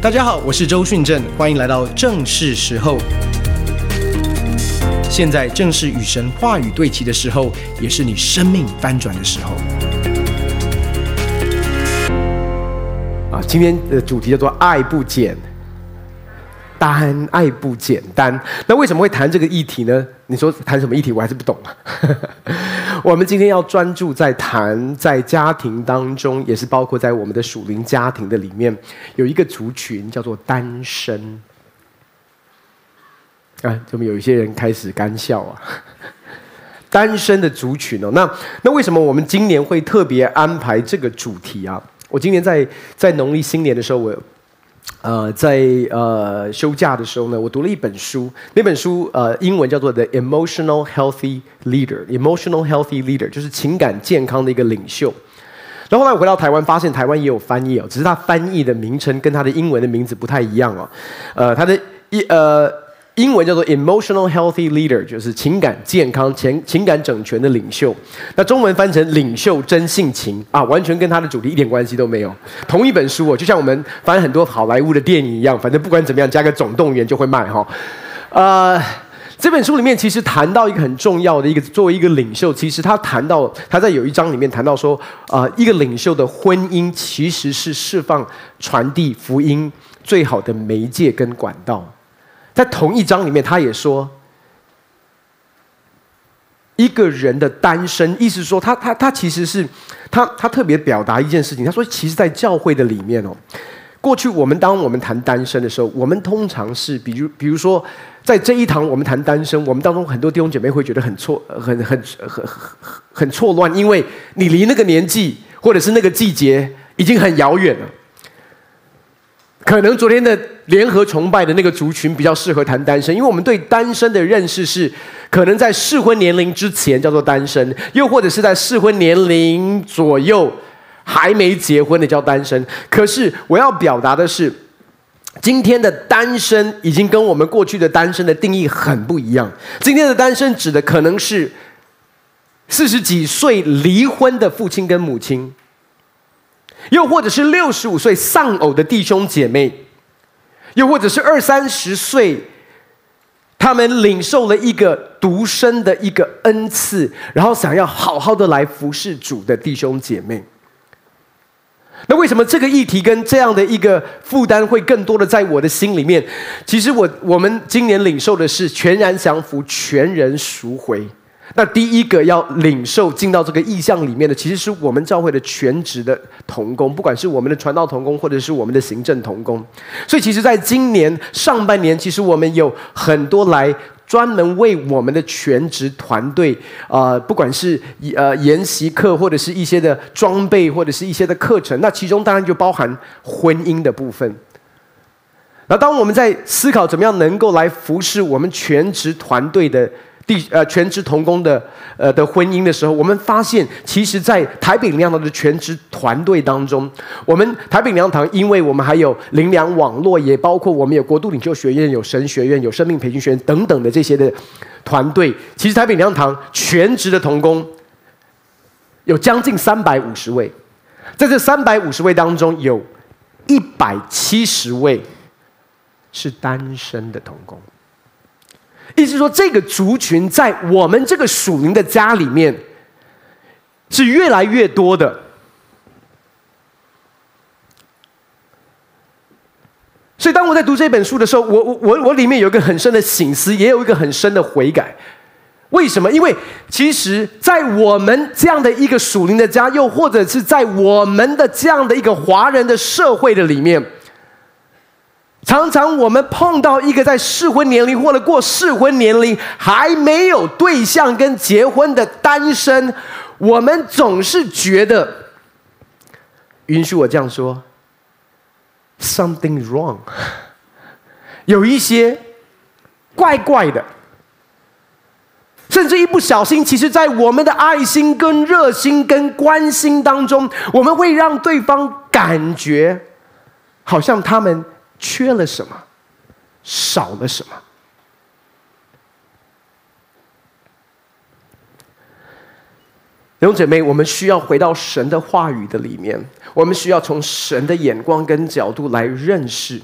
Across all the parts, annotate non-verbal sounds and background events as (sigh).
大家好，我是周迅正，歡迎來到正是時候。現在正是與神話語對齊的時候，也是你生命翻轉的時候。啊，今天的主題叫做“愛不減單”，愛不簡單。那為什麼會談這個議題呢？你說談什麼議題？我還是不懂啊。我們今天要專注在談，在家庭當中，也是包括在我們的屬靈家庭的裡面，有一個族群叫做單身啊、哎。怎麼有一些人開始乾笑啊？單身的族群哦，那那為什麼我們今年會特別安排這個主題啊？我今年在在農曆新年的時候，我。呃，在呃休假的時候呢，我讀了一本書，那本書呃英文叫做《The Emotional Healthy Leader》，Emotional Healthy Leader 就是情感健康的一個領袖。然後呢，我回到台灣，發現台灣也有翻譯哦，只是它翻譯的名稱跟它的英文的名字不太一樣哦。呃，它的一呃。英文叫做 Emotional Healthy Leader，就是情感健康、情情感整全的領袖。那中文翻成“領袖真性情”啊，完全跟他的主題一點關係都沒有。同一本書哦，就像我們翻很多好萊塢的電影一樣，反正不管怎麼樣，加個總動員就會賣哈、哦。呃，這本書裡面其實談到一個很重要的一個，作為一個領袖，其實他談到他在有一章裡面談到說，啊、呃，一個領袖的婚姻其實是釋放、傳遞福音最好的媒介跟管道。在同一章裡面，他也說，一個人的單身，意思說他，他他他其實是他他特別表達一件事情。他說，其實，在教會的裡面哦，過去我們當我們談單身的時候，我們通常是比如比如說，在這一堂我們談單身，我們當中很多弟兄姐妹會覺得很錯，很很很很很錯亂，因為你離那個年紀或者是那個季節已經很遙遠了，可能昨天的。聯合崇拜的那個族群比較適合談單身，因為我們對單身的認識是，可能在適婚年齡之前叫做單身，又或者是在適婚年齡左右還沒結婚的叫單身。可是我要表達的是，今天的單身已經跟我們過去的單身的定義很不一樣。今天的單身指的可能是四十幾歲離婚的父親跟母親，又或者是六十五歲喪偶的弟兄姐妹。又或者是二三十歲，他們領受了一個獨身的一個恩賜，然後想要好好的來服侍主的弟兄姐妹。那為什麼這個議題跟這樣的一個負擔會更多的在我的心裡面？其實我我們今年領受的是全然降服、全人贖回。那第一個要領受進到這個異象裡面的，其實是我們教會的全職的同工，不管是我們的傳道同工，或者是我們的行政同工。所以，其實，在今年上半年，其實我們有很多來專門為我們的全職團隊，呃，不管是呃研習課，或者是一些的裝備，或者是一些的課程。那其中當然就包含婚姻的部分。那當我們在思考怎麼樣能夠來服侍我們全職團隊的。第呃，全職同工的呃、的婚姻的時候，我們發現，其實，在台北靈糧堂的全職團隊當中，我們台北靈糧堂，因為我們還有靈糧網絡，也包括我們有國度領袖學院、有神學院、有生命培訓學院等等的這些的團隊。其實台北靈糧堂全職的同工有將近三百五十位，在這三百五十位當中，有一百七十位是單身的同工。意思說，這個族群在我們這個屬靈的家裡面是越來越多的。所以，當我在讀這本書的時候，我我我我裡面有一個很深的省思，也有一個很深的悔改。為什麼？因為其實，在我們這樣的一個屬靈的家，又或者是在我們的這樣的一個華人的社會的裡面。常常我們碰到一個在適婚年齡或者過適婚年齡還沒有對象跟結婚的單身，我們總是覺得，允許我這樣說，Something wrong，有一些怪怪的，甚至一不小心，其實，在我們的愛心、跟熱心、跟關心當中，我們會讓對方感覺好像他們。缺了什麼？少了什麼？弟兄姐妹，我們需要回到神的話語的裡面，我們需要從神的眼光跟角度來認識。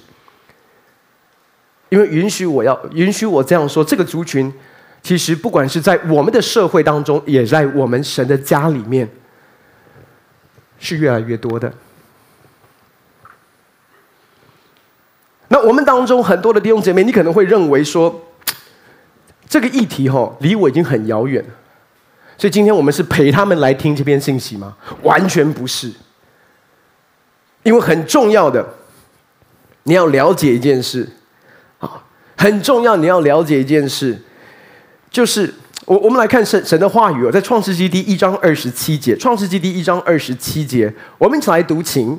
因為允許我要，允許我這樣說，這個族群其實不管是在我們的社會當中，也在我們神的家裡面，是越來越多的。那我們當中很多的弟兄姐妹，你可能會認為說，這個議題哈、哦、離我已經很遙遠，所以今天我們是陪他們來聽這篇信息嗎？完全不是，因為很重要的，你要了解一件事，啊，很重要，你要了解一件事，就是我我們來看神神的話語，哦，在創世記第一章二十七節，創世記第一章二十七節，我們一起來讀經。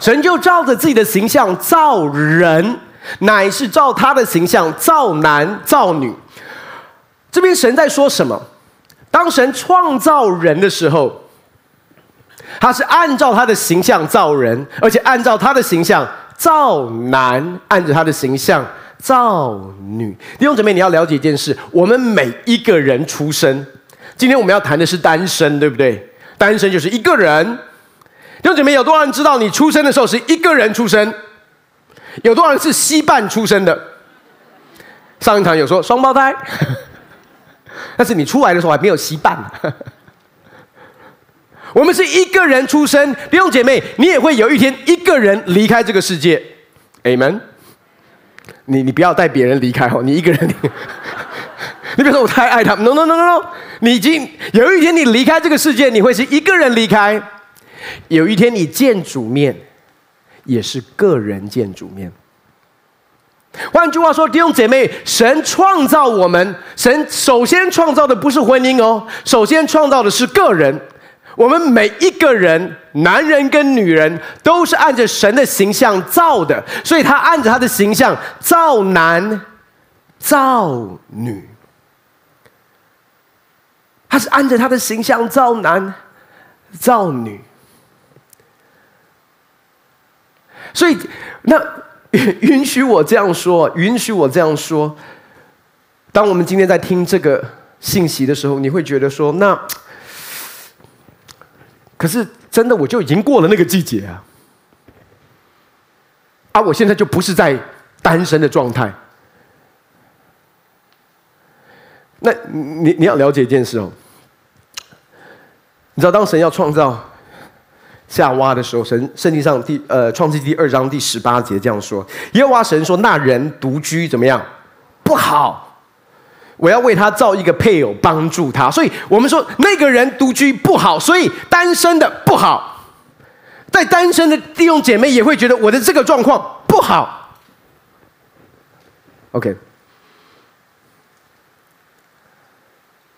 神就照着自己的形象造人，乃是照他的形象造男造女。這邊神在說什麼？當神創造人的時候，他是按照他的形象造人，而且按照他的形象造男，按照他的形象造女。弟兄姊妹，你要了解一件事：我們每一個人出生，今天我們要談的是單身，對不對？單身就是一個人。弟兄姐妹，有多少人知道你出生的時候是一個人出生？有多少人是吸伴出生的？上一場有說雙胞胎， (laughs) 但是你出來的時候還沒有吸伴。 (laughs) 我們是一個人出生，弟兄姐妹，你也會有一天一個人離開這個世界。Amen 你。你你不要帶別人離開哦，你一個人。你別說我太愛他們，no no no no no，你已經有一天你離開這個世界，你會是一個人離開。有一天你見主面，也是個人見主面。換句話說，弟兄姐妹，神創造我們，神首先創造的不是婚姻哦，首先創造的是個人。我們每一個人，男人跟女人，都是按着神的形象造的，所以他按着他的形象造男，造女。他是按着他的形象造男，造女。所以，那允許我這樣說，允許我這樣說。當我們今天在聽這個信息的時候，你會覺得說：那可是真的，我就已經過了那個季節啊！啊，我現在就不是在單身的狀態。那你你要了解一件事哦，你知道，當神要創造。夏娃的時候，神聖經上第呃創世記第二章第十八節這樣說：耶和華神說，那人獨居怎麼樣？不好，我要為他造一個配偶幫助他。所以我們說那個人獨居不好，所以單身的不好。在單身的弟兄姐妹也會覺得我的這個狀況不好。OK，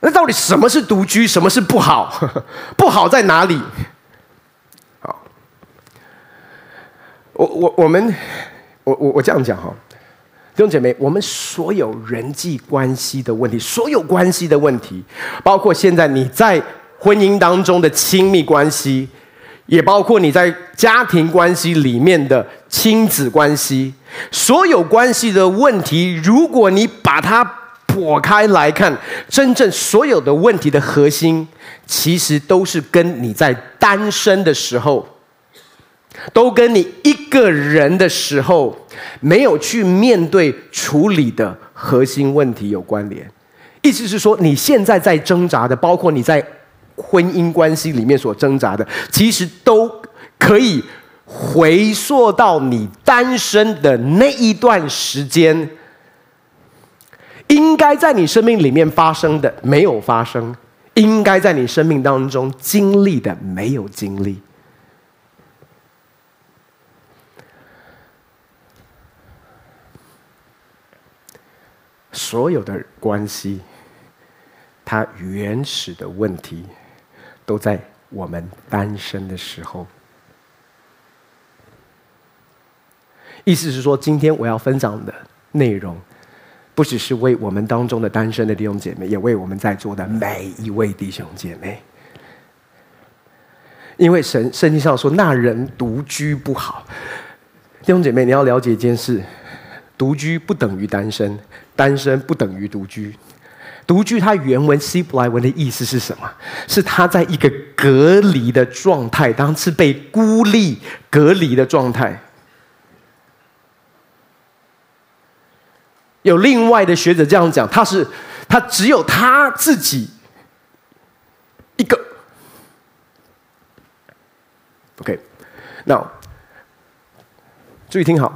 那到底什麼是獨居？什麼是不好？呵呵不好在哪裡？我我我們，我我我這樣講哈，弟兄姐妹，我們所有人際關係的問題，所有關係的問題，包括現在你在婚姻當中的親密關係，也包括你在家庭關係裡面的親子關係，所有關係的問題，如果你把它剖開來看，真正所有的問題的核心，其實都是跟你在單身的時候。都跟你一個人的時候沒有去面對處理的核心問題有關聯。意思是說，你現在在掙扎的，包括你在婚姻關係裡面所掙扎的，其實都可以回溯到你單身的那一段時間。應該在你生命裡面發生的沒有發生，應該在你生命當中經歷的沒有經歷。所有的關係，它原始的問題，都在我們單身的時候。意思是說，今天我要分享的內容，不只是為我們當中的單身的弟兄姐妹，也為我們在座的每一位弟兄姐妹。因為神聖經上說：“那人獨居不好。”弟兄姐妹，你要了解一件事：獨居不等於單身。單身不等於獨居，獨居它原文希伯來文的意思是什麼？是他在一個隔離的狀態，當是被孤立、隔離的狀態。有另外的學者這樣講，他是他只有他自己一個。OK，now，、okay。注意聽好。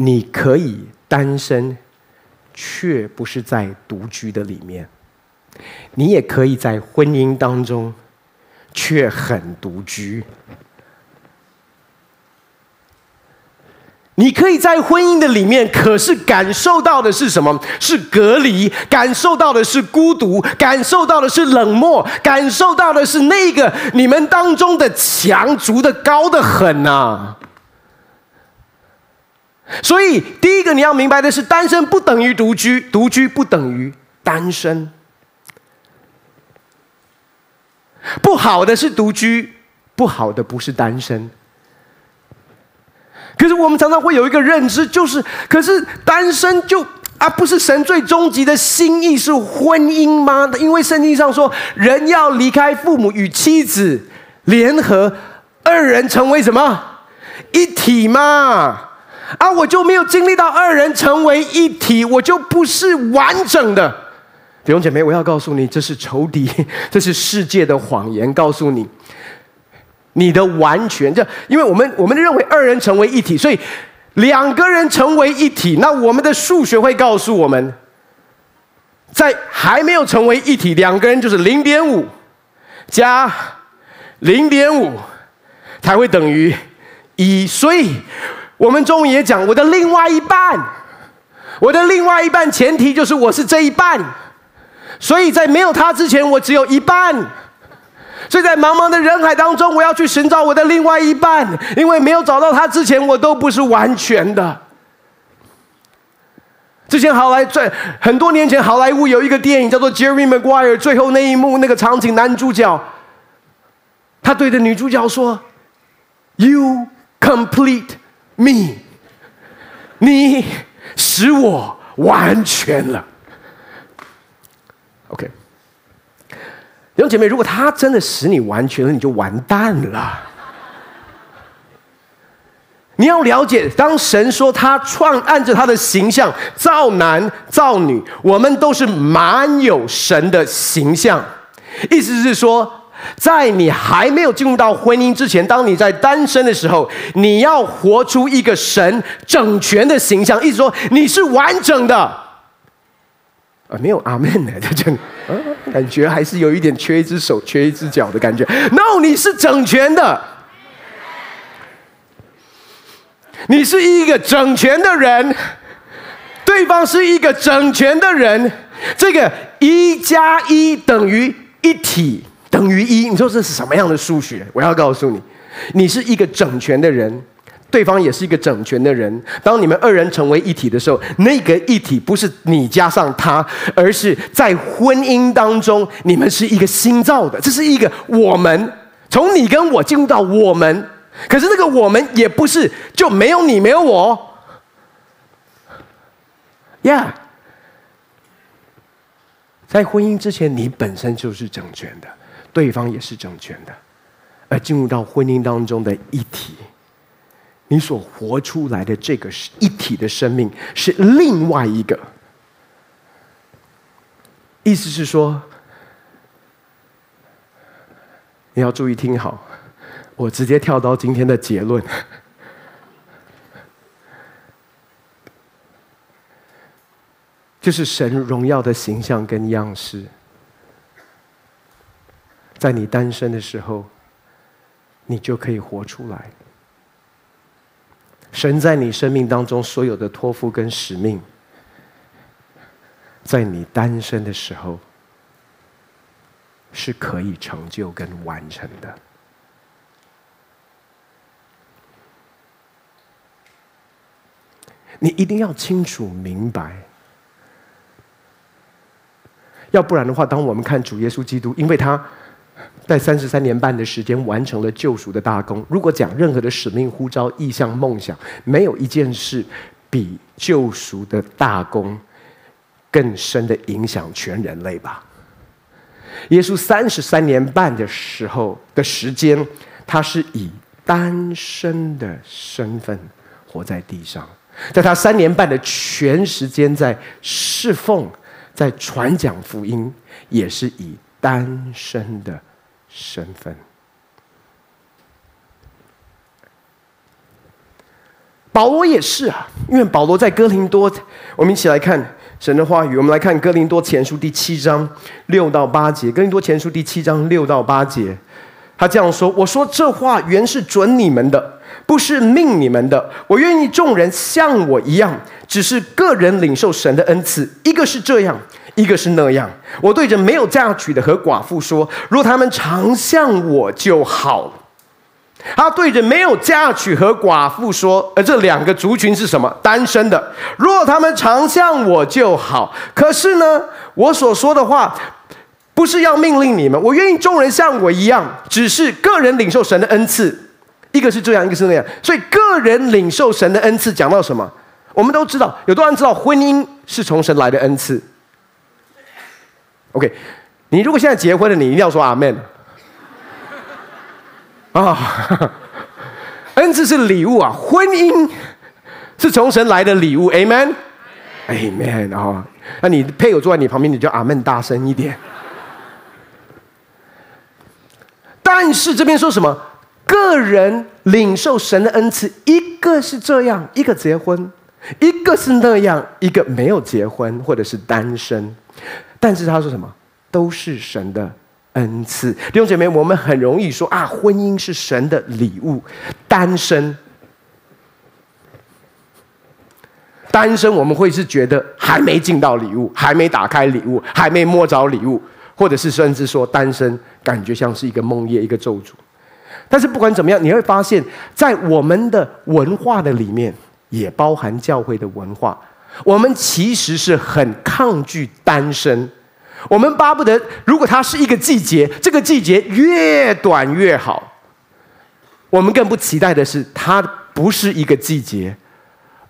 你可以單身，卻不是在獨居的裡面；你也可以在婚姻當中，卻很獨居。你可以在婚姻的裡面，可是感受到的是什麼？是隔離，感受到的是孤獨，感受到的是冷漠，感受到的是那個你們當中的牆築得高得很吶、啊。所以，第一個你要明白的是，單身不等於獨居，獨居不等於單身。不好的是獨居，不好的不是單身。可是我們常常會有一個認知，就是，可是單身就啊，不是神最終極的心意是婚姻嗎？因為聖經上說，人要離開父母，與妻子聯合，二人成為什麼？一體嘛？啊，我就沒有經歷到二人成為一體，我就不是完整的。弟兄姐妹，我要告訴你，這是仇敵，這是世界的謊言，告訴你，你的完全，這因為我們我們認為二人成為一體，所以兩個人成為一體，那我們的數學會告訴我們，在還沒有成為一體，兩個人就是零點五加零點五才會等於一，所以。我們中文也講我的另外一半，我的另外一半前提就是我是這一半，所以在沒有他之前，我只有一半，所以在茫茫的人海當中，我要去尋找我的另外一半，因為沒有找到他之前，我都不是完全的。之前好萊在很多年前，好萊塢有一個電影叫做《Jerry Maguire》，最後那一幕那個場景，男主角他對着女主角說：“You complete。”你，Me, 你使我完全了。OK，弟兄姐妹，如果他真的使你完全了，你就完蛋了。你要了解，當神說他創按着他的形象造男造女，我們都是滿有神的形象，意思是說，在你還沒有進入到婚姻之前，當你在單身的時候，你要活出一個神整全的形象，意思說你是完整的。啊、哦，沒有阿門來，在這裡，哦，感覺還是有一點缺一隻手，缺一隻腳的感覺。No，你是整全的，你是一個整全的人，對方是一個整全的人，這個一加一等於一體。等於一，你說這是什麼樣的數學？我要告訴你，你是一個整全的人，對方也是一個整全的人。當你們二人成為一體的時候，那個一體不是你加上他，而是在婚姻當中，你們是一個新造的，這是一個我們。從你跟我進入到我們，可是那個我們也不是，就沒有你，沒有我。Yeah，在婚姻之前，你本身就是整全的。對方也是正確的。而進入到婚姻當中的一體，你所活出來的這個一體的生命是另外一個。意思是說，你要注意聽好，我直接跳到今天的結論，就是神榮耀的形象跟樣式。在你單身的時候，你就可以活出來。神在你生命當中所有的託付跟使命，在你單身的時候，是可以成就跟完成的。你一定要清楚明白，要不然的話，當我們看主耶穌基督，因為他。在三十三年半的時間完成了救贖的大功。如果講任何的使命呼召、意向、夢想，沒有一件事比救贖的大功更深地影響全人類吧。耶穌三十三年半的時候的時間，他是以單身的身份活在地上，在他三年半的全時間在侍奉、在傳講福音，也是以單身的。身份，神分保羅也是啊。因為保羅在哥林多，我們一起來看神的話語。我們來看《哥林多前書》第七章六到八節，《哥林多前書》第七章六到八節，他這樣說：“我說這話原是准你們的，不是命你們的。我願意眾人像我一樣，只是各人領受神的恩賜，一個是這樣。”一個是那樣，我對着沒有嫁娶的和寡婦說：“若他們常向我就好。”他對着沒有嫁娶和寡婦說：“而這兩個族群是什麼？單身的。若他們常向我就好。可是呢，我所說的話不是要命令你們，我願意眾人像我一樣，只是個人領受神的恩賜。一個是這樣，一個是那樣。所以個人領受神的恩賜，講到什麼？我們都知道，有多少人知道婚姻是從神來的恩賜？OK，你如果現在結婚了，你一定要說阿門。啊、哦，恩賜是禮物啊，婚姻是從神來的禮物，Amen，Amen。啊 Amen? Amen Amen,、哦。那你配偶坐在你旁邊，你就阿門大聲一點。但是這邊說什麼？個人領受神的恩賜，一個是這樣，一個結婚；一個是那樣，一個沒有結婚或者是單身。但是他說什麼？都是神的恩賜。弟兄姐妹，我們很容易說啊，婚姻是神的禮物，單身，單身我們會是覺得還沒進到禮物，還沒打開禮物，還沒摸着禮物，或者是甚至說單身感覺像是一個夢魘，一個咒詛。但是不管怎麼樣，你會發現在我們的文化的裡面，也包含教會的文化。我們其實是很抗拒單身，我們巴不得如果它是一個季節，這個季節越短越好。我們更不期待的是，它不是一個季節，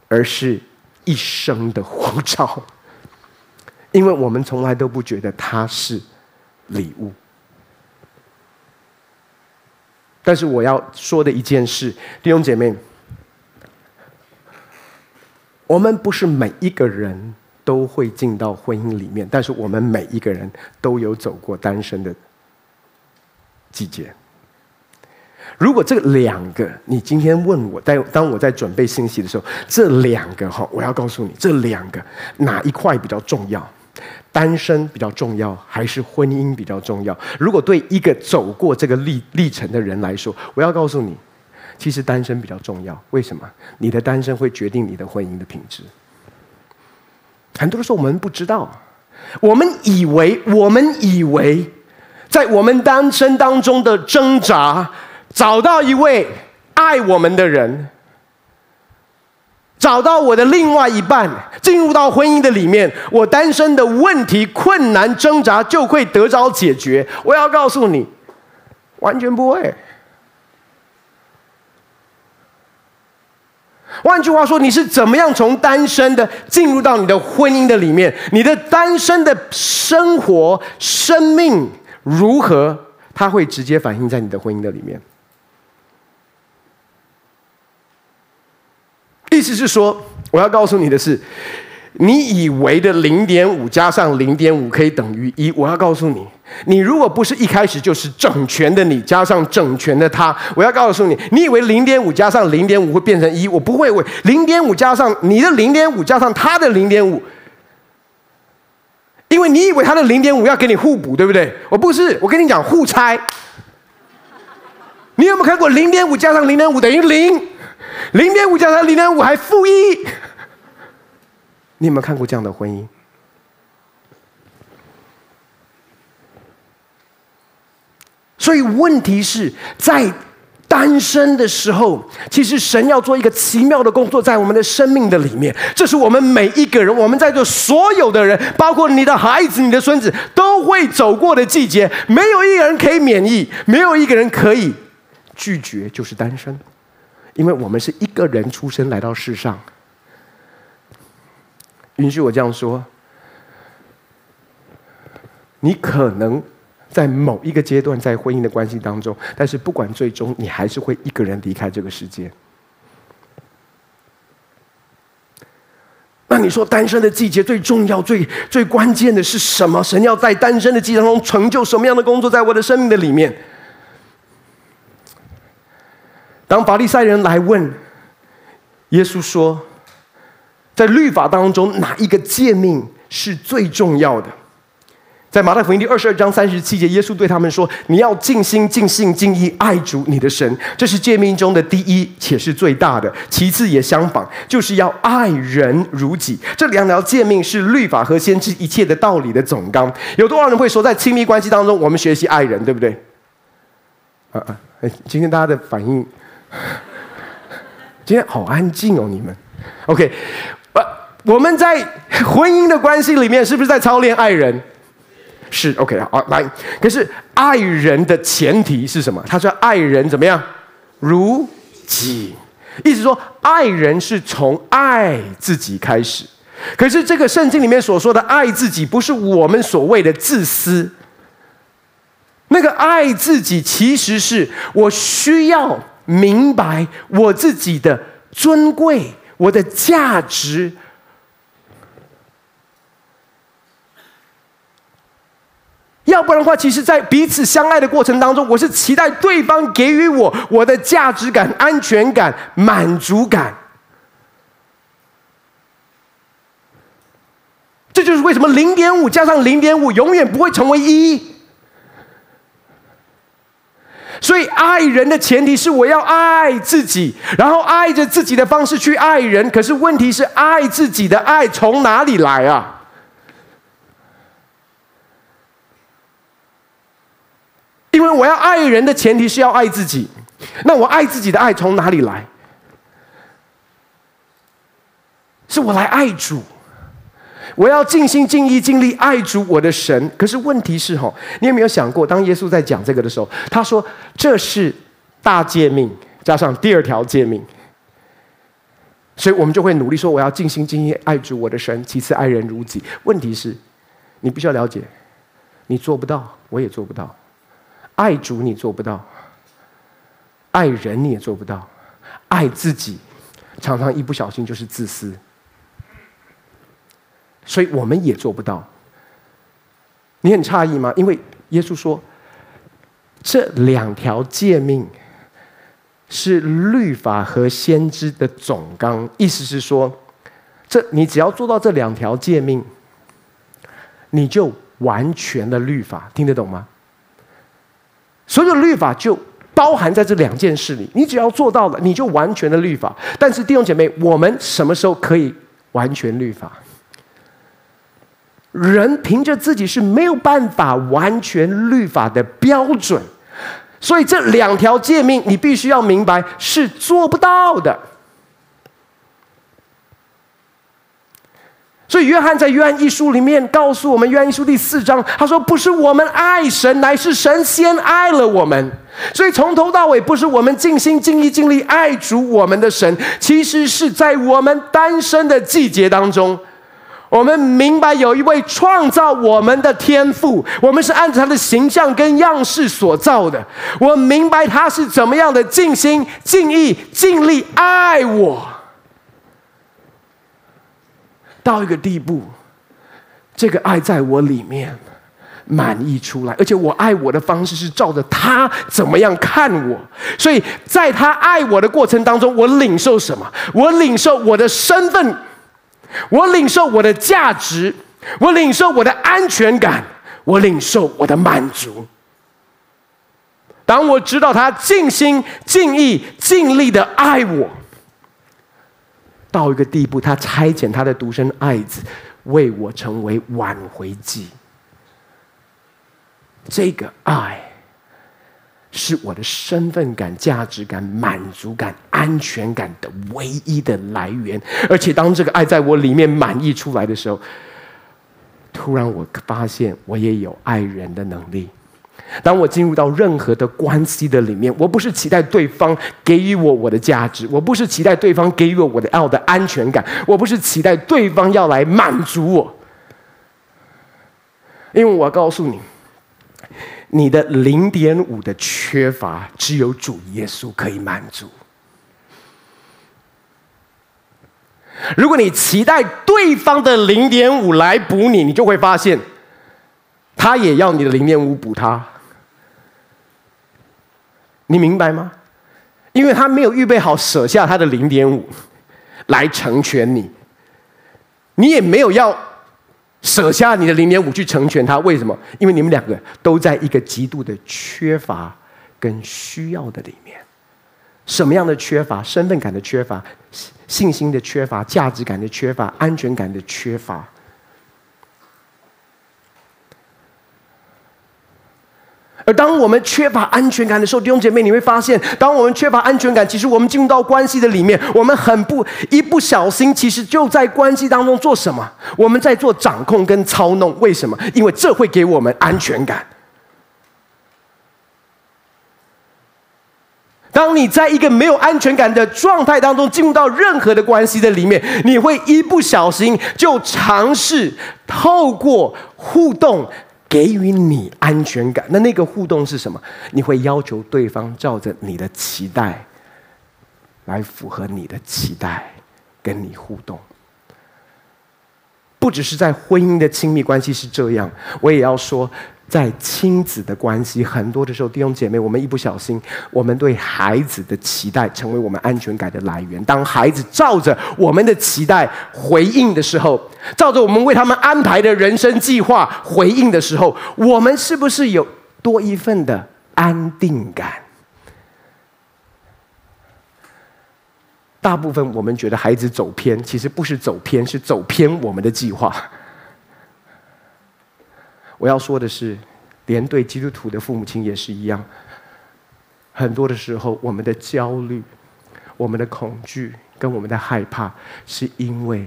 而是一生的呼召，因為我們從來都不覺得它是禮物。但是我要說的一件事，弟兄姐妹。我們不是每一個人都會進到婚姻裡面，但是我們每一個人都有走過單身的季節。如果這兩個，你今天問我，在當我在準備信息的時候，這兩個哈，我要告訴你，這兩個哪一塊比較重要？單身比較重要，還是婚姻比較重要？如果對一個走過這個歷歷程的人來說，我要告訴你。其實單身比較重要，為什麼？你的單身會決定你的婚姻的品質。很多時候我們不知道，我們以為我們以為，在我們單身當中的掙扎，找到一位愛我們的人，找到我的另外一半，進入到婚姻的裡面，我單身的問題、困難、掙扎就會得到解決。我要告訴你，完全不會。換句話說，你是怎麼樣從單身的進入到你的婚姻的裡面？你的單身的生活、生命如何，它會直接反映在你的婚姻的裡面。意思是說，我要告訴你的是，你以為的零點五加上零點五可以等於一，我要告訴你。你如果不是一開始就是整全的你加上整全的他，我要告訴你，你以為零點五加上零點五會變成一？我不會，我零點五加上你的零點五加上他的零點五，因為你以為他的零點五要給你互補，對不對？我不是，我跟你講互猜。你有沒有看過零點五加上零點五等於零？零點五加上零點五還負一？你有沒有看過這樣的婚姻？所以問題是在單身的時候，其實神要做一個奇妙的工作在我們的生命的裡面。這是我們每一個人，我們在座所有的人，包括你的孩子、你的孫子，都會走過的季節。沒有一個人可以免疫，沒有一個人可以拒絕，就是單身，因為我們是一個人出生來到世上。允許我這樣說，你可能。在某一個階段，在婚姻的關係當中，但是不管最終，你還是會一個人離開這個世界。那你說，單身的季節最重要、最最關鍵的是什麼？神要在單身的季節當中成就什麼樣的工作，在我的生命的裡面？當法利賽人來問耶穌說，在律法當中，哪一個誡命是最重要的？在馬太福音第二十二章三十七節，耶穌對他們說：“你要盡心、盡性、盡意愛主你的神，這是誡命中的第一，且是最大的。其次也相仿，就是要愛人如己。這兩條誡命是律法和先知一切的道理的總綱。”有多少人會說，在親密關係當中，我們學習愛人，對不對？啊啊！今天大家的反應，今天好安靜哦，你們。OK，呃，我們在婚姻的關係裡面，是不是在操練愛人？是，OK。好，來。可是愛人的前提是什麼？他說：“愛人怎麼樣？如己。”意思說，愛人是從愛自己開始。可是這個聖經裡面所說的愛自己，不是我們所謂的自私。那個愛自己，其實是我需要明白我自己的尊貴，我的價值。要不然的話，其實，在彼此相愛的過程當中，我是期待對方給予我我的價值感、安全感、滿足感。這就是為什麼零點五加上零點五永遠不會成為一。所以，愛人的前提是我要愛自己，然後愛着自己的方式去愛人。可是，問題是愛自己的愛從哪裡來啊？因為我要愛人的前提是要愛自己，那我愛自己的愛從哪裡來？是我來愛主，我要盡心盡意盡力愛主我的神。可是問題是吼你有沒有想過，當耶穌在講這個的時候，他說這是大誡命加上第二條誡命，所以我們就會努力說我要盡心盡力愛主我的神。其次愛人如己。問題是，你必須要了解，你做不到，我也做不到。愛主你做不到，愛人你也做不到，愛自己常常一不小心就是自私，所以我們也做不到。你很詫異嗎？因為耶穌說，這兩條誡命是律法和先知的總綱，意思是說，這你只要做到這兩條誡命，你就完全的律法，聽得懂嗎？所有的律法就包含在這兩件事裡，你只要做到了，你就完全的律法。但是弟兄姐妹，我們什麼時候可以完全律法？人憑着自己是沒有辦法完全律法的標準，所以這兩條誡命你必須要明白是做不到的。所以，約翰在約翰一書裡面告訴我們，約翰一書第四章，他說：“不是我們愛神，乃是神先愛了我們。”所以，從頭到尾，不是我們盡心、盡意、盡力愛主我們的神，其實是在我們單身的季節當中，我們明白有一位創造我們的天父，我們是按照他的形象跟樣式所造的。我明白他是怎麼樣的盡心、盡意、盡力愛我。到一個地步，這個愛在我裡面滿溢出來，而且我愛我的方式是照着他怎麼樣看我，所以在他愛我的過程當中，我領受什麼？我領受我的身份，我領受我的價值，我領受我的安全感，我領受我的滿足。當我知道他盡心、盡意、盡力的愛我。到一個地步，他差遣他的獨生愛子，為我成為挽回祭。這個愛，是我的身份感、價值感、滿足感、安全感的唯一的來源。而且，當這個愛在我裡面滿溢出來的時候，突然我發現，我也有愛人的能力。當我進入到任何的關係的裡面，我不是期待對方給予我我的價值，我不是期待對方給予我我的愛，我的安全感，我不是期待對方要來滿足我。因為我告訴你，你的零點五的缺乏，只有主耶穌可以滿足。如果你期待對方的零點五來補你，你就會發現。他也要你的零點五補他，你明白嗎？因為他沒有預備好捨下他的零點五來成全你，你也沒有要捨下你的零點五去成全他。為什麼？因為你們兩個都在一個極度的缺乏跟需要的裡面。什麼樣的缺乏？身份感的缺乏、信心的缺乏、價值感的缺乏、安全感的缺乏。而當我們缺乏安全感的時候，弟兄姐妹，你會發現，當我們缺乏安全感，其實我們進入到關係的裡面，我們很不一不小心，其實就在關係當中做什麼？我們在做掌控跟操弄，為什麼？因為這會給我們安全感。當你在一個沒有安全感的狀態當中進入到任何的關係的裡面，你會一不小心就嘗試透過互動。給予你安全感，那那個互動是什麼？你會要求對方照着你的期待，來符合你的期待，跟你互動。不只是在婚姻的親密關係是這樣，我也要說，在親子的關係，很多的時候，弟兄姐妹，我們一不小心，我們對孩子的期待成為我們安全感的來源。當孩子照着我們的期待回應的時候，照着我們為他們安排的人生計劃回應的時候，我們是不是有多一份的安定感？大部分我們覺得孩子走偏，其實不是走偏，是走偏我們的計劃。我要說的是，連對基督徒的父母親也是一樣。很多的時候，我們的焦慮、我們的恐懼跟我們的害怕，是因為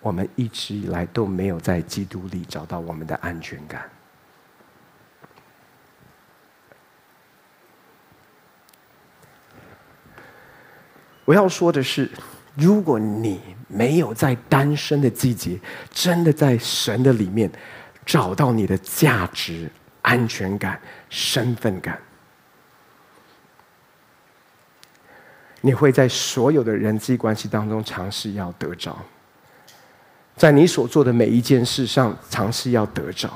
我們一直以來都沒有在基督裡找到我們的安全感。我要說的是，如果你沒有在單身的季節，真的在神的裡面找到你的價值、安全感、身份感，你會在所有的人際關係當中嘗試要得着，在你所做的每一件事上嘗試要得着。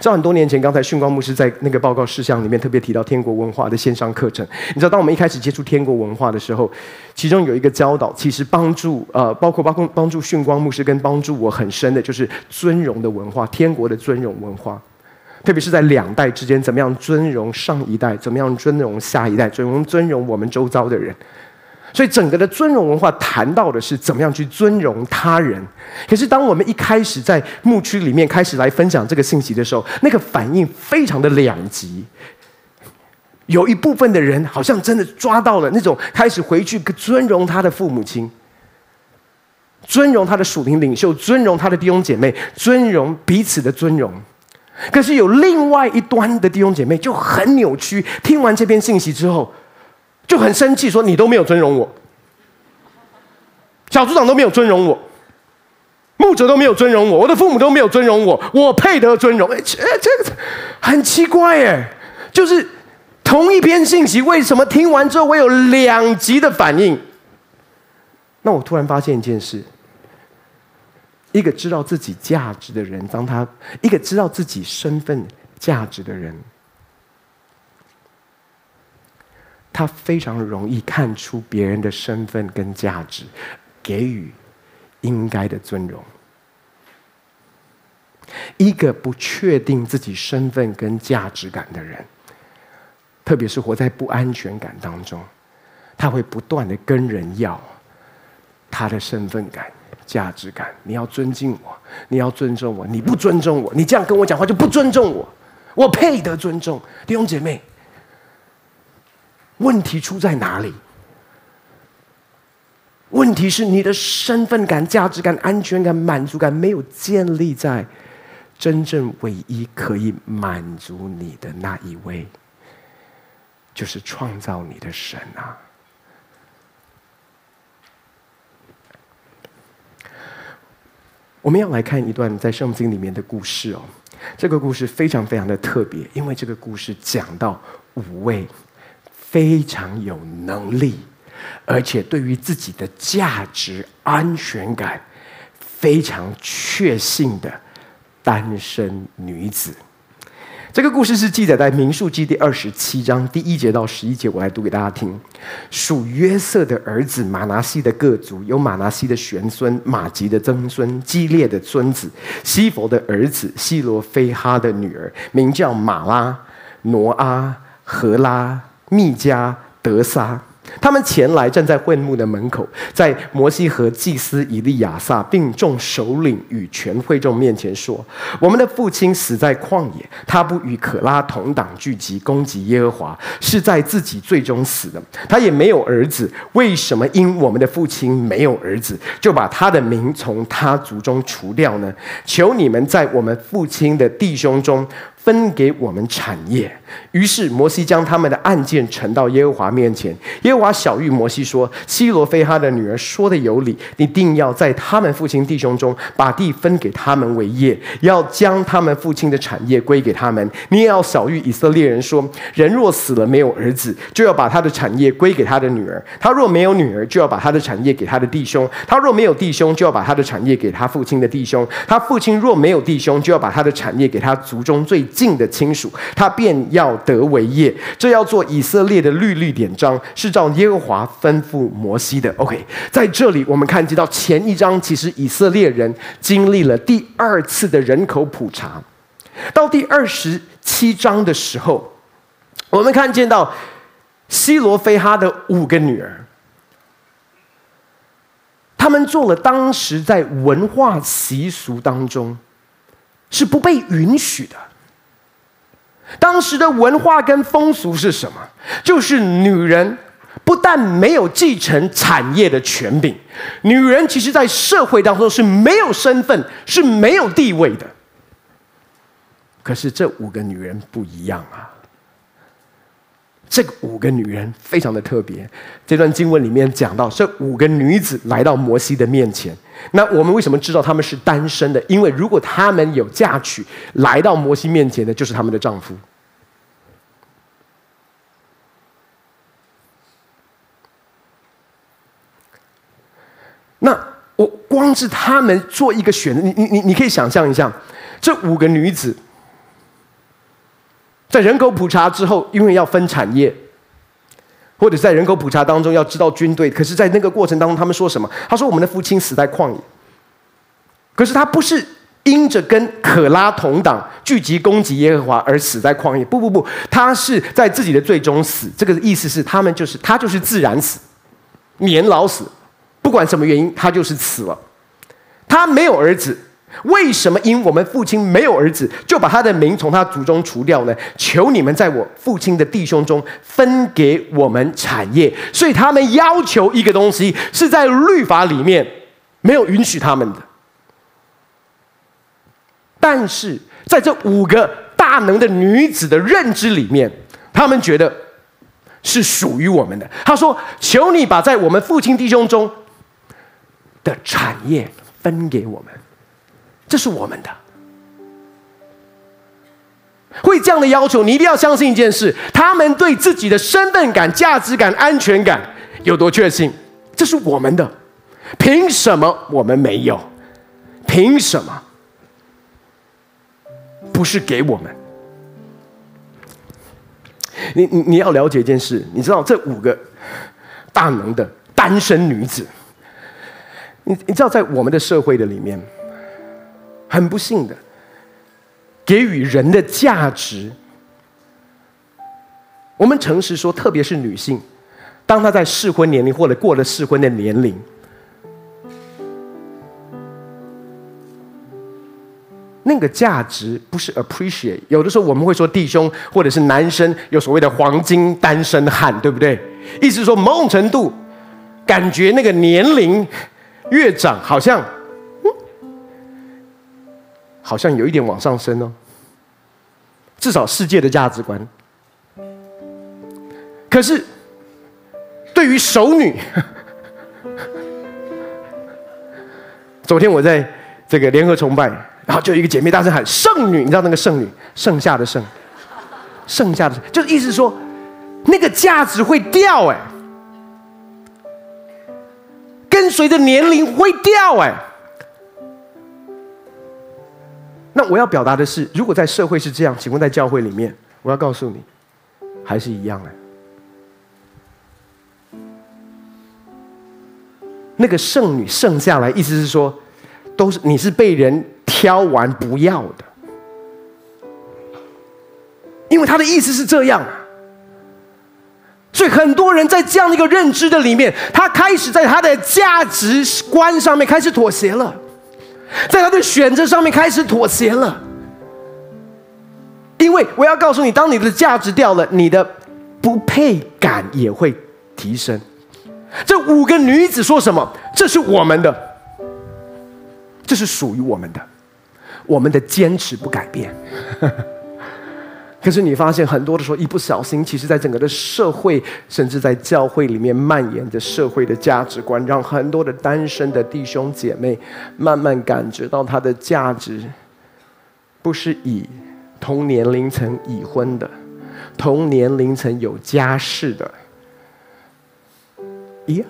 知道很多年前，剛才訓光牧師在那個報告事項裡面特別提到天國文化的線上課程。你知道，當我們一開始接觸天國文化的時候，其中有一個教導，其實幫助呃，包括包括幫助訓光牧師跟幫助我很深的就是尊榮的文化，天國的尊榮文化，特別是在兩代之間怎麼樣尊榮上一代，怎麼樣尊榮下一代，尊榮尊榮我們周遭的人。所以，整個的尊榮文化談到的是怎麼樣去尊榮他人。可是，當我們一開始在牧區裡面開始來分享這個信息的時候，那個反應非常的兩極。有一部分的人好像真的抓到了那種，開始回去尊榮他的父母親，尊榮他的屬靈領袖，尊榮他的弟兄姐妹，尊榮彼此的尊榮。可是，有另外一端的弟兄姐妹就很扭曲，聽完這篇信息之後，就很生氣，說你都沒有尊榮我，小組長都沒有尊榮我，牧者都沒有尊榮我，我的父母都沒有尊榮我，我配得尊榮？哎，這個很奇怪耶！就是同一篇信息，為什麼聽完之後我有兩極的反應？那我突然發現一件事：一個知道自己價值的人，當他一個知道自己身份價值的人。他非常容易看出別人的身份跟價值，給予應該的尊榮。一個不確定自己身份跟價值感的人，特別是活在不安全感當中，他會不斷的跟人要他的身份感、價值感。你要尊敬我，你要尊重我，你不尊重我，你這樣跟我講話就不尊重我。我配得尊重，弟兄姐妹。問題出在哪裡？問題是你的身份感、價值感、安全感、滿足感沒有建立在真正唯一可以滿足你的那一位，就是創造你的神啊！我們要來看一段在聖經裡面的故事哦，這個故事非常非常的特別，因為這個故事講到五位。非常有能力，而且對於自己的價值安全感非常確信的單身女子。這個故事是記載在《民數記》第二十七章第一節到十一節。我來讀給大家聽：屬約瑟的兒子瑪拿西的各族，有瑪拿西的玄孫瑪吉的曾孫基列的孫子希弗的兒子西羅非哈的女兒，名叫瑪拉、挪阿、曷拉。密迦、得撒，他們前來站在會幕的門口，在摩西和祭司以利亞撒並眾首領與全會眾面前說：“我們的父親死在曠野，他不與可拉同黨聚集攻擊耶和華，是在自己罪中死的。他也沒有兒子，為什麼因我們的父親沒有兒子，就把他的名從他族中除掉呢？求你們在我們父親的弟兄中。”分給我們產業，於是摩西將他們的案件呈到耶和華面前。耶和華曉諭摩西說：“西羅非哈的女兒說的有理，你定要在他們父親弟兄中把地分給他們為業，要將他們父親的產業歸給他們。你也要曉諭以色列人說：人若死了沒有兒子，就要把他的產業歸給他的女兒；他若沒有女兒，就要把他的產業給他的弟兄；他若沒有弟兄，就要把他的產業給他父親的弟兄；他父親若沒有弟兄，就要把他的產業給他族中最。”近的親屬，他便要得為業。這要做以色列的律例典章，是照耶和華吩咐摩西的。OK，在這裡我們看見到前一章，其實以色列人經歷了第二次的人口普查。到第二十七章的時候，我們看見到西羅非哈的五個女兒，他們做了當時在文化習俗當中是不被允許的。當時的文化跟風俗是什麼？就是女人不但沒有繼承產業的權柄，女人其實，在社會當中是沒有身份，是沒有地位的。可是這五個女人不一樣啊。這五個女人非常的特別，這段經文裡面講到，這五個女子來到摩西的面前。那我們為什麼知道她們是單身的？因為如果她們有嫁娶，來到摩西面前的，就是她們的丈夫。那我光是她們做一個選擇，你你你，你可以想象一下，這五個女子。在人口普查之後，因為要分產業，或者在人口普查當中要知道軍隊，可是，在那個過程當中，他們說什麼？他說：“我們的父親死在曠野。”可是他不是因着跟可拉同黨聚集攻擊耶和華而死在曠野。不不不，他是在自己的罪中死。這個意思是，他們就是他就是自然死、年老死，不管什麼原因，他就是死了。他沒有兒子。為什麼因我們父親沒有兒子，就把他的名從他族中除掉呢？求你們在我父親的弟兄中分給我們產業。所以他們要求一個東西，是在律法裡面沒有允許他們的。但是在這五個大能的女子的認知裡面，他們覺得是屬於我們的。他說：“求你把在我們父親弟兄中的產業分給我們。”這是我們的。會這樣的要求，你一定要相信一件事，他們對自己的身份感、價值感、安全感有多確信，這是我們的，憑什麼我們沒有？憑什麼？不是給我們？你你你要了解一件事，你知道這五個大能的單身女子，你你知道在我們的社會的裡面，很不幸的，給予人的價值，我們誠實說，特別是女性，當她在適婚年齡或者過了適婚的年齡，那個價值不是 appreciate。有的時候我們會說，弟兄或者是男生，有所謂的“黃金單身漢”，對不對？意思是說，某種程度，感覺那個年齡越長，好像。好像有一點往上升哦，至少世界的價值觀。可是對於熟女呵呵，昨天我在這個聯合崇拜，然後就一個姐妹大聲喊“剩女”，你知道那個“剩女”剩下的剩，剩下的剩就是意思說，那個價值會掉哎，跟隨着年齡會掉哎。我要表達的是，如果在社會是這樣，請問在教會裡面，我要告訴你，還是一樣的。那個剩女剩下來，意思是說，都是你是被人挑完不要的，因為他的意思是這樣，所以很多人在這樣的一個認知的裡面，他開始在他的價值觀上面開始妥協了。在他的選擇上面開始妥協了，因為我要告訴你，當你的價值掉了，你的不配感也會提升。這五個女子說什麼？這是我們的，這是屬於我們的，我們的堅持不改變。 (laughs) 可是你發現很多的時候，一不小心，其實，在整個的社會，甚至在教會裡面蔓延着社會的價值觀，讓很多的單身的弟兄姐妹慢慢感覺到他的價值，不是以同年齡層已婚的、同年齡層有家室的，一樣。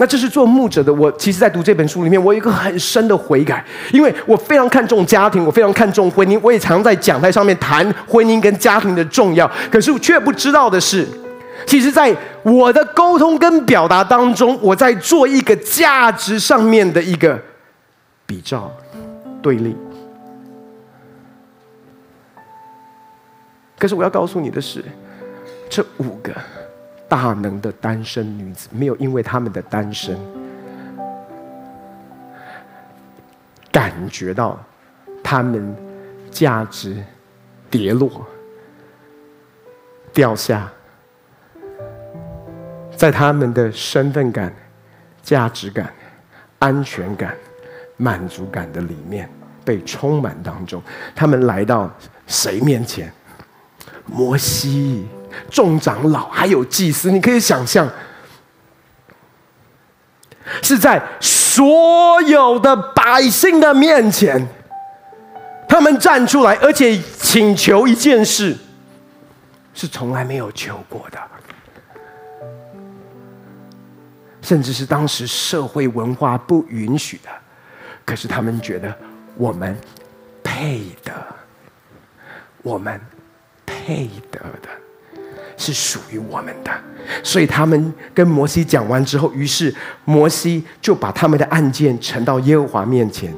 那這是做牧者的我，其實在讀這本書裡面，我有一個很深的悔改，因為我非常看重家庭，我非常看重婚姻，我也常在講台上面談婚姻跟家庭的重要，可是我卻不知道的是，其實，在我的溝通跟表達當中，我在做一個價值上面的一個比較對立。可是我要告訴你的是，這五個。大能的單身女子，沒有因為他們的單身，感覺到他們價值跌落、掉下，在他們的身份感、價值感、安全感、滿足感的裡面被充滿當中，他們來到誰面前？摩西。眾長老還有祭司，你可以想象，是在所有的百姓的面前，他們站出來，而且請求一件事，是從來沒有求過的，甚至是當時社會文化不允許的。可是他們覺得，我們配得，我們配得的。是屬於我們的，所以他們跟摩西講完之後，於是摩西就把他們的案件呈到耶和華面前，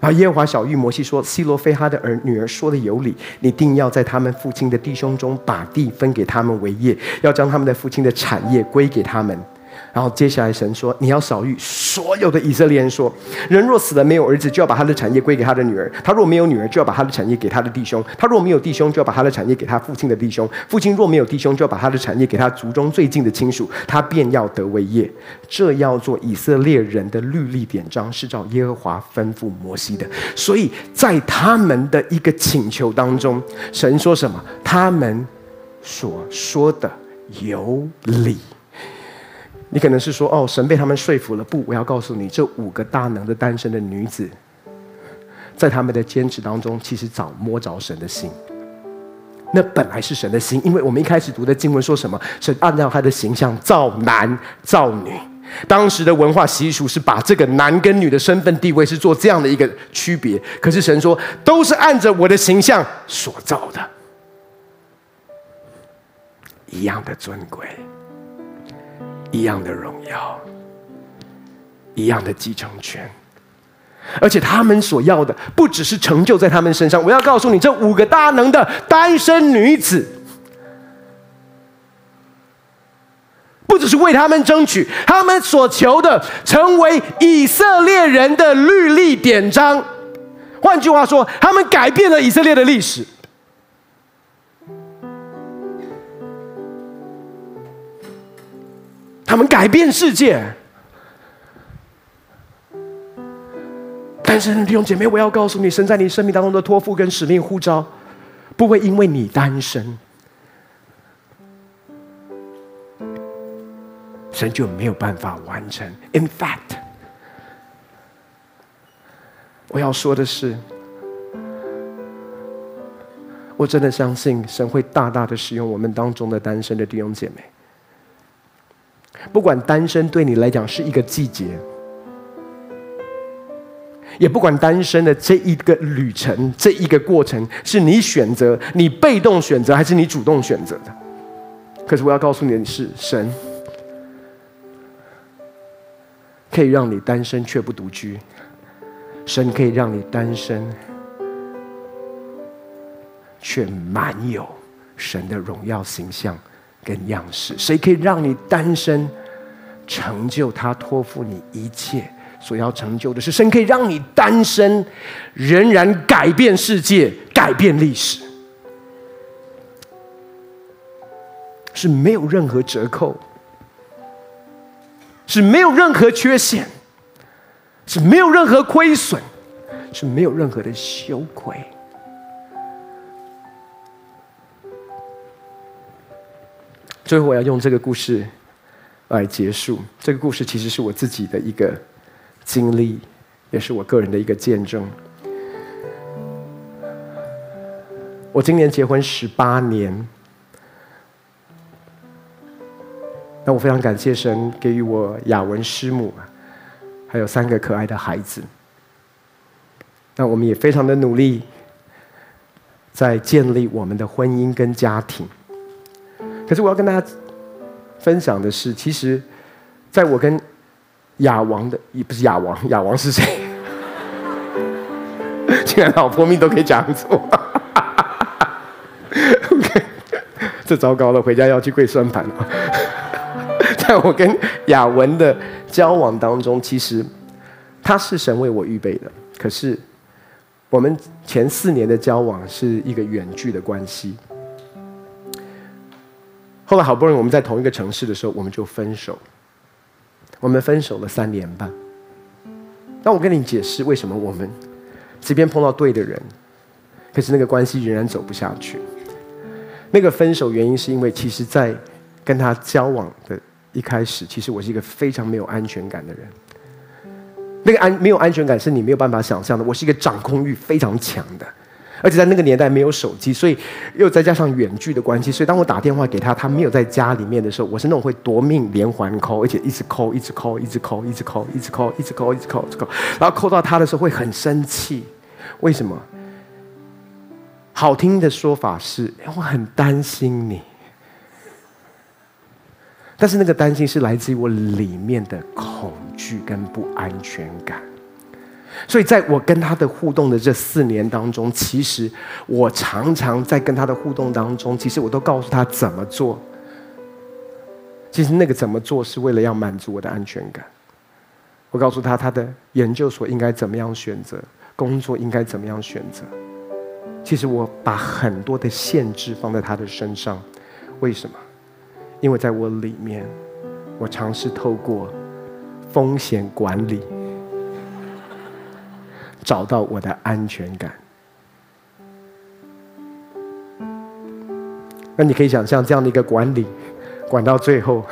然後耶和華曉諭摩西說：“西羅非哈的兒女兒說得有理，你定要在他們父親的弟兄中把地分給他們為業，要將他們的父親的產業歸給他們。”然後接下來，神說：“你要曉諭所有的以色列人說，人若死了沒有兒子，就要把他的產業歸給他的女兒；他若沒有女兒，就要把他的產業給他的弟兄；他若沒有弟兄，就要把他的產業給他父親的弟兄；父親若沒有弟兄，就要把他的產業給他族中最近的親屬。他便要得為業。這要做以色列人的律例典章，是照耶和華吩咐摩西的。所以在他們的一個請求當中，神說什麼？他們所說的有理。”你可能是說哦，神被他們說服了。不，我要告訴你，這五個大能的單身的女子，在他們的堅持當中，其實早摸着神的心。那本來是神的心，因為我們一開始讀的經文說什麼？神按照他的形象造男造女。當時的文化習俗是把這個男跟女的身份地位是做這樣的一個區別。可是神說，都是按着我的形象所造的，一樣的尊貴。一樣的榮耀，一樣的繼承權，而且他們所要的不只是成就在他們身上。我要告訴你，這五個大能的單身女子，不只是為他們爭取，他們所求的成為以色列人的律例典章。換句話說，他們改變了以色列的歷史。他們改變世界。單身的弟兄姐妹，我要告訴你，神在你生命當中的托付跟使命呼召，不會因為你單身，神就沒有辦法完成。In fact，我要說的是，我真的相信神會大大的使用我們當中的單身的弟兄姐妹。不管單身對你來講是一個季節，也不管單身的這一個旅程、這一個過程是你選擇、你被動選擇還是你主動選擇的。可是我要告訴你的是，神可以讓你單身卻不獨居，神可以讓你單身卻滿有神的榮耀形象。跟樣式，誰可以讓你單身成就他托付你一切所要成就的事，誰可以讓你單身仍然改變世界、改變歷史，是沒有任何折扣，是沒有任何缺陷，是沒有任何虧損，是沒有任何的羞愧。最後，我要用這個故事來結束。這個故事其實是我自己的一個經歷，也是我個人的一個見證。我今年結婚十八年，那我非常感謝神給予我雅文師母，還有三個可愛的孩子。那我們也非常的努力，在建立我們的婚姻跟家庭。可是我要跟大家分享的是，其實，在我跟雅王的，也不是雅王，雅王是誰？竟然老婆名都可以講錯 okay，這糟糕了，回家要去跪算盤了。在我跟雅文的交往當中，其實他是神為我預備的。可是我們前四年的交往是一個遠距的關係。後來好不容易我們在同一個城市的時候，我們就分手。我們分手了三年半。那我跟你解釋為什麼我們即便碰到對的人，可是那個關係仍然走不下去。那個分手原因是因為，其實，在跟他交往的一開始，其實我是一個非常沒有安全感的人。那個安沒有安全感是你沒有辦法想象的。我是一個掌控欲非常強的。而且在那個年代沒有手機，所以又再加上遠距的關係，所以當我打電話給他，他沒有在家裡面的時候，我是那種會奪命連環 call，而且一直 call，一直 call，一直 call，一直 call，一直 call，一直 call，一直 call，一直 call，一直 call，一直 call。然後 call 到他的時候會很生氣，為什麼？好聽的說法是，我很擔心你，但是那個擔心是來自於我裡面的恐懼跟不安全感。所以，在我跟他的互動的這四年當中，其實我常常在跟他的互動當中，其實我都告訴他怎麼做。其實那個怎麼做是為了要滿足我的安全感。我告訴他，他的研究所應該怎麼樣選擇，工作應該怎麼樣選擇。其實我把很多的限制放在他的身上，為什麼？因為在我裡面，我嘗試透過風險管理，找到我的安全感。那你可以想象這樣的一個管理，管到最後，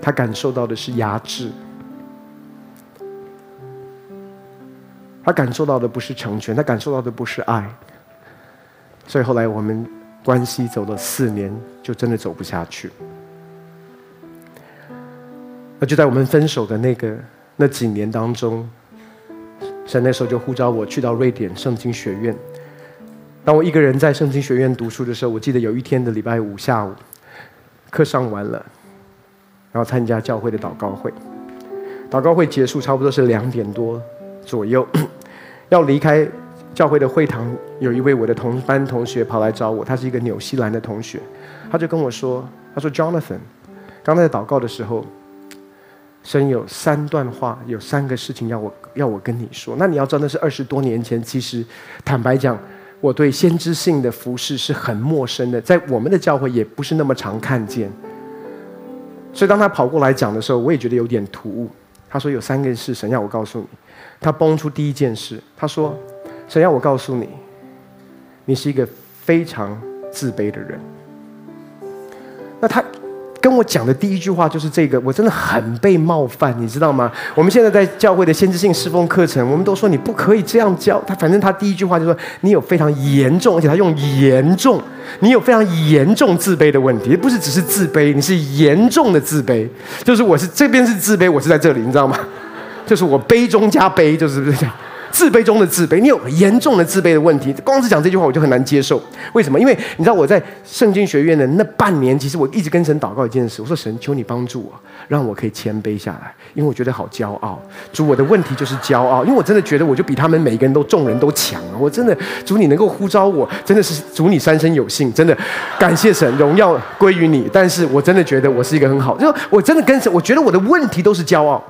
他感受到的是壓制，他感受到的不是成全，他感受到的不是愛。所以後來我們關係走了四年，就真的走不下去。那就在我們分手的那個。那幾年當中，神那時候就呼召我去到瑞典聖經學院。當我一個人在聖經學院讀書的時候，我記得有一天的禮拜五下午，課上完了，然後參加教會的禱告會。禱告會結束，差不多是兩點多左右，要離開教會的會堂，有一位我的同班同學跑來找我，他是一個紐西蘭的同學，他就跟我說，他說：“Jonathan，剛在禱告的時候。”所以有三段話，有三個事情要我要我跟你說。那你要知道，那是二十多年前。其實，坦白講，我對先知性的服事是很陌生的，在我們的教會也不是那麼常看見。所以當他跑過來講的時候，我也覺得有點突兀。他說有三個事，神要我告訴你。他蹦出第一件事，他說：“神要我告訴你，你是一個非常自卑的人。”那他。跟我講的第一句話就是這個，我真的很被冒犯，你知道嗎？我們現在在教會的先知性侍奉課程，我們都說你不可以這樣教他。反正他第一句話就是說，你有非常嚴重，而且他用嚴重，你有非常嚴重自卑的問題，不是只是自卑，你是嚴重的自卑，就是我是這邊是自卑，我是在這裡，你知道嗎？就是我卑中加卑，就是這樣。自卑中的自卑，你有嚴重的自卑的問題。光是講這句話，我就很難接受。為什麼？因為你知道我在聖經學院的那半年，其實我一直跟神禱告一件事。我說神，求你幫助我，讓我可以謙卑下來，因為我覺得好驕傲。主，我的問題就是驕傲，因為我真的覺得我就比他們每一個人都、眾人都強啊！我真的，主你能夠呼召我，真的是主你三生有幸。真的，感謝神，榮耀歸於你。但是我真的覺得我是一個很好，就是我真的跟神，我覺得我的問題都是驕傲。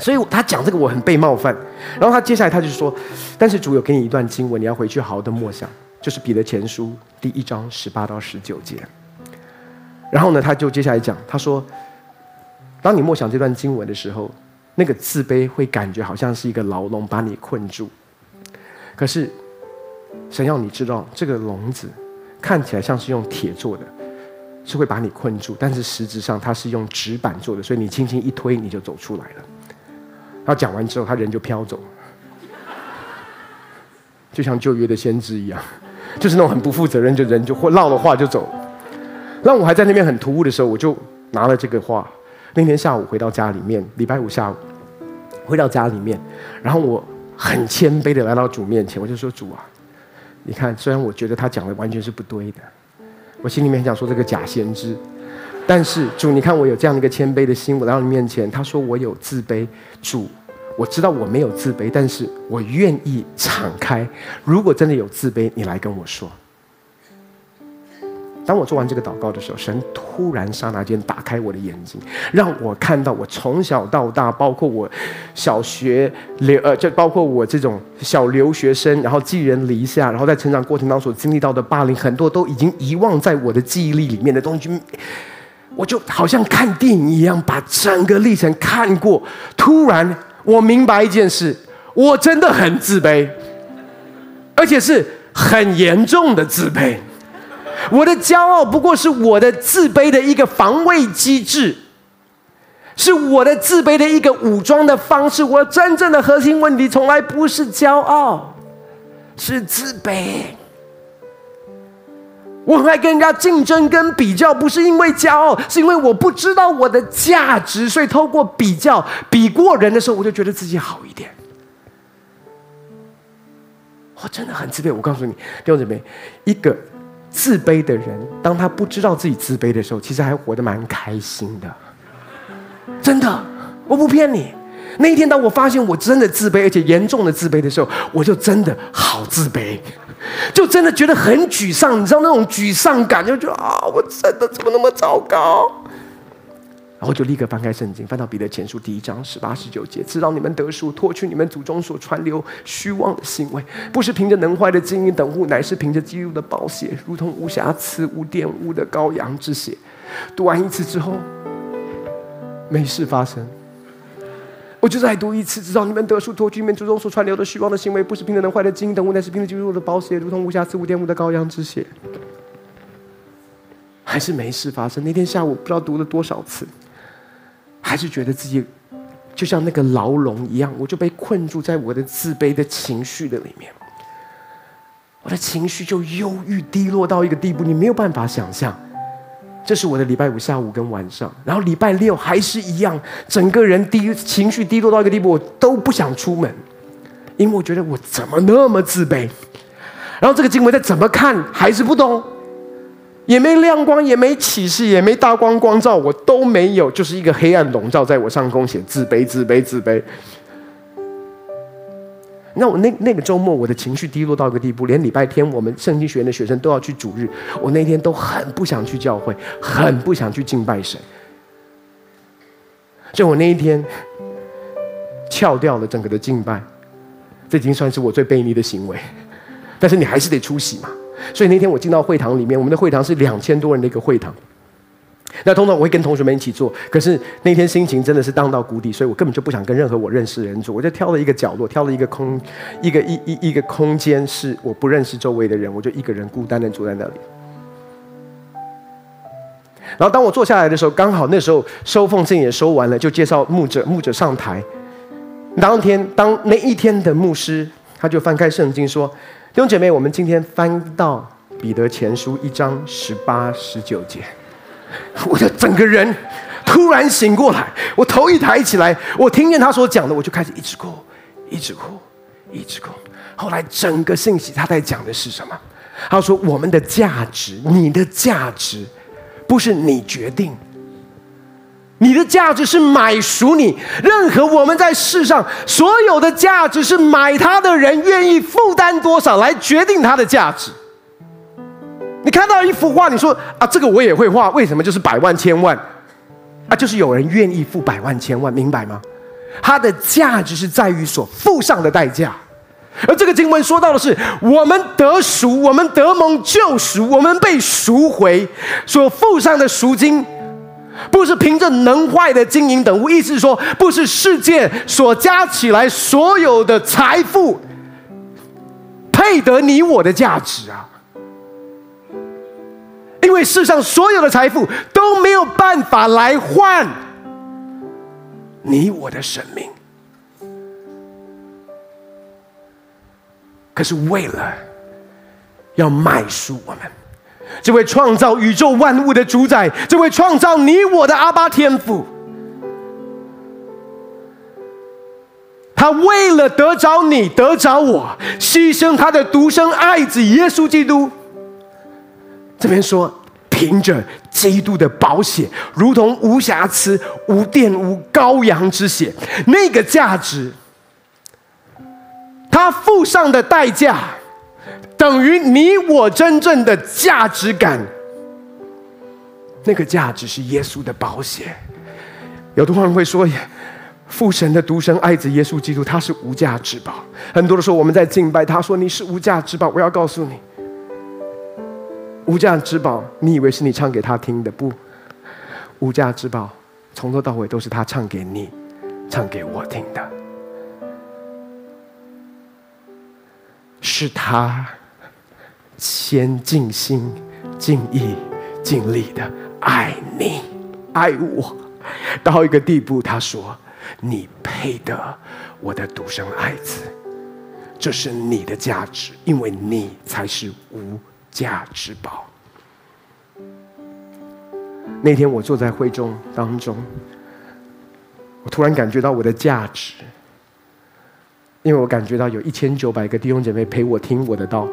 所以他講這個我很被冒犯，然後他接下來他就說，但是主有給你一段經文，你要回去好好的默想，就是彼得前書第一章十八到十九節。然後呢，他就接下來講，他說，當你默想這段經文的時候，那個自卑會感覺好像是一個牢籠把你困住。可是，神要你知道，這個籠子看起來像是用鐵做的，是會把你困住，但是實質上它是用紙板做的，所以你輕輕一推，你就走出來了。他講完之後，他人就飄走了，就像舊約的先知一樣，就是那種很不負責任，就人就會落了話就走。那我還在那邊很突兀的時候，我就拿了這個話。那天下午回到家裡面，禮拜五下午回到家裡面，然後我很謙卑的來到主面前，我就說：“主啊，你看，雖然我覺得他講的完全是不對的，我心裡面很想說這個假先知。”但是主，你看我有這樣的一個謙卑的心，我來到你面前。他說我有自卑，主，我知道我沒有自卑，但是我願意敞開。如果真的有自卑，你來跟我說。當我做完這個禱告的時候，神突然剎那間打開我的眼睛，讓我看到我從小到大，包括我小學留呃，就包括我這種小留學生，然後寄人籬下，然後在成長過程當中所經歷到的霸凌，很多都已經遺忘在我的記憶裡面的東西。我就好像看電影一樣，把整個歷程看過。突然，我明白一件事：我真的很自卑，而且是很嚴重的自卑。我的驕傲不過是我的自卑的一個防衛機制，是我的自卑的一個武裝的方式。我真正的核心問題從來不是驕傲，是自卑。我很愛跟人家競爭、跟比較，不是因為驕傲，是因為我不知道我的價值，所以透過比較、比過人的時候，我就覺得自己好一點。我真的很自卑。我告訴你，弟兄姊妹，一個自卑的人，當他不知道自己自卑的時候，其實還活得蠻開心的，真的，我不騙你。那一天，當我發現我真的自卑，而且嚴重的自卑的時候，我就真的好自卑。就真的覺得很沮喪，你知道那種沮喪感，就覺得啊，我真的怎麼那麼糟糕？然後就立刻翻開聖經，翻到，彼得前書第一章十八十九節，知道你們得贖，脫去你們祖宗所傳流虛妄的行為，不是憑着能壞的金銀等物，乃是憑着基督的寶血，如同無瑕疵無玷污的羔羊之血。讀完一次之後，沒事發生。我就再讀一次，知道你們得贖，脫去你們祖宗所傳流的虛妄的行為，不是憑著能壞的金銀等物，等無乃是憑著基督的寶血，如同無瑕疵無玷污的羔羊之血。還是沒事發生。那天下午不知道讀了多少次，還是覺得自己就像那個牢籠一樣，我就被困住在我的自卑的情緒的裡面。我的情緒就憂鬱低落到一個地步，你沒有辦法想象。這是我的禮拜五下午跟晚上，然後禮拜六還是一樣，整個人低情緒低落到一個地步，我都不想出門，因為我覺得我怎麼那麼自卑。然後這個經文再怎麼看還是不懂，也沒亮光，也沒啟示，也沒大光光照，我都沒有，就是一個黑暗籠罩在我上空寫，寫自卑、自卑、自卑。那我那那個周末，我的情緒低落到一個地步，連禮拜天我們聖經學院的學生都要去主日，我那天都很不想去教會，很不想去敬拜神，所以我那一天翹掉了整個的敬拜，這已經算是我最卑劣的行為，但是你還是得出席嘛。所以那天我進到會堂裡面，我們的會堂是兩千多人的一個會堂。那通常我會跟同學們一起坐，可是那天心情真的是 down 到谷底，所以我根本就不想跟任何我認識的人坐，我就挑了一個角落，挑了一個空，一個一一一,一個空間是我不認識周圍的人，我就一個人孤單的坐在那裡。然後當我坐下來的時候，剛好那時候收奉聖也收完了，就介紹牧者牧者上台。當天當那一天的牧師，他就翻開聖經說：“弟兄姐妹，我們今天翻到彼得前書一章十八、十九節。”我就整個人突然醒過來，我頭一抬起來，我聽見他所講的，我就開始一直哭，一直哭，一直哭。後來整個信息他在講的是什麼？他說：“我們的價值，你的價值不是你決定，你的價值是買贖你。任何我們在世上所有的價值，是買它的人願意負擔多少來決定它的價值。”你看到一幅畫，你說啊，這個我也會畫，為什麼就是百萬千萬？啊，就是有人願意付百萬千萬，明白嗎？它的價值是在於所付上的代價，而這個經文說到的是，我們得贖，我們得蒙救贖，我們被贖回，所付上的贖金，不是憑着能壞的金銀等物，意思是說，不是世界所加起來所有的財富，配得你我的價值啊。因為世上所有的財富都沒有辦法來換你我的生命，可是為了要買贖我們，這位創造宇宙萬物的主宰，這位創造你我的阿爸天父。他為了得着你得着我，犧牲他的獨生愛子耶穌基督。這邊說，憑着基督的寶血，如同無瑕疵、無玷污羔羊之血，那個價值，他付上的代價，等於你我真正的價值感。那個價值是耶穌的寶血。有的朋友會說耶，父神的獨生愛子耶穌基督，他是無價之寶。很多的時候，我們在敬拜他，說你是無價之寶。我要告訴你。無價之寶，你以為是你唱給他聽的？不，無價之寶，從頭到尾都是他唱給你、唱給我聽的。是他先盡心、盡意、盡力的愛你、愛我，到一個地步，他說：“你配得我的獨生愛子，這是你的價值，因為你才是無。”價值寶。那天我坐在會眾當中，我突然感覺到我的價值，因為我感覺到有一千九百個弟兄姐妹陪我聽我的道。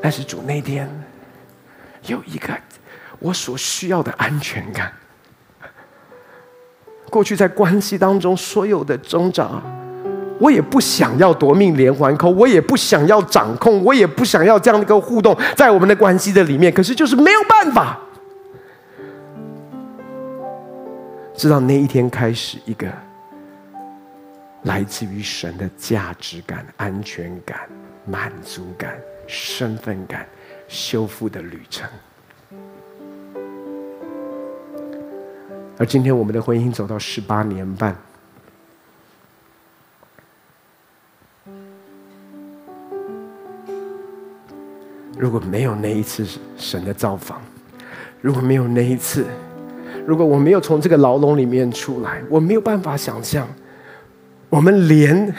但是主那天有一個我所需要的安全感，過去在關係當中所有的掙扎。我也不想要奪命連環扣，我也不想要掌控，我也不想要這樣的一個互動，在我們的關係的裡面，可是就是沒有辦法。直到那一天開始，一個來自於神的價值感、安全感、滿足感、身份感修復的旅程。而今天，我們的婚姻走到十八年半。如果沒有那一次神的造訪，如果沒有那一次，如果我沒有從這個牢籠裡面出來，我沒有辦法想象，我們連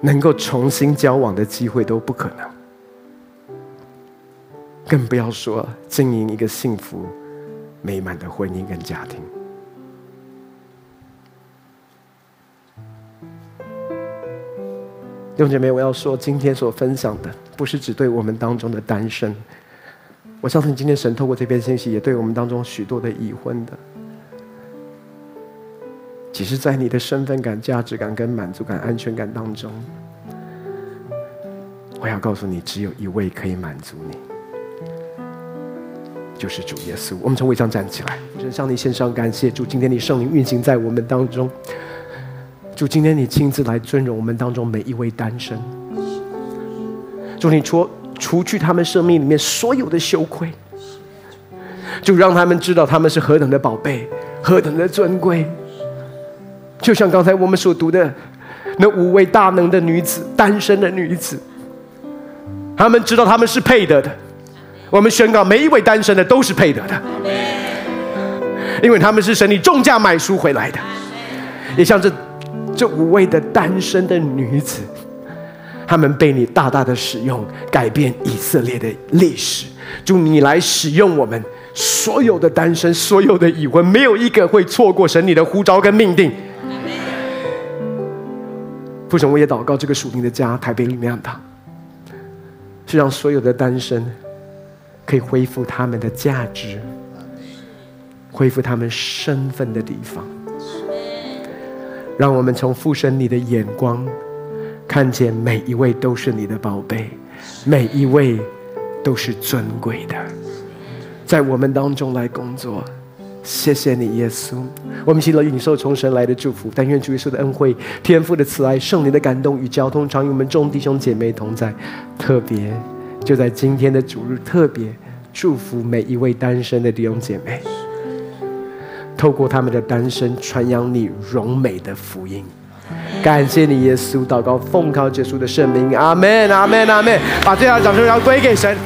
能夠重新交往的機會都不可能。更不要說經營一個幸福美滿的婚姻跟家庭。弟兄姐妹，我要說，今天所分享的不是只對我們當中的單身。我相信今天神透過這篇信息，也對我們當中許多的已婚的，其實在你的身份感、價值感、跟滿足感、安全感當中，我要告訴你，只有一位可以滿足你，就是主耶穌。我們從位上站起來，我們向你獻上感謝，主，今天你聖靈運行在我們當中。就今天你親自來尊榮我們當中每一位單身。主，你除除去他們生命裡面所有的羞愧，就讓他們知道他們是何等的寶貝，何等的尊貴。就像剛才我們所讀的，那五位大能的女子，單身的女子，他們知道他們是配得的。我們宣告，每一位單身的都是配得的，因為他們是神以重價買贖回來的，你像這。這五位的單身的女子，她們被你大大的使用，改變以色列的歷史。祝你來使用我們所有的單身，所有的已婚，沒有一個會錯過神你的呼召跟命定。Amen. 父神，我也禱告這個屬靈的家台北靈糧堂，是讓所有的單身可以恢復他們的價值，恢復他們身份，的地方。讓我們從父神你的眼光，看見每一位都是你的寶貝，每一位都是尊貴的，在我們當中來工作。謝謝你，耶穌！我們祈求領受從神來的祝福，但願主耶穌的恩惠、天父的慈愛、聖靈的感動與交通，常與我們眾弟兄姐妹同在。特別就在今天的主日，特別祝福每一位單身的弟兄姐妹。透過他們的單身，傳揚你榮美的福音。感謝你，耶穌，禱告奉靠耶穌的聖名，阿門，阿門，阿門。把最大的掌聲要歸給神。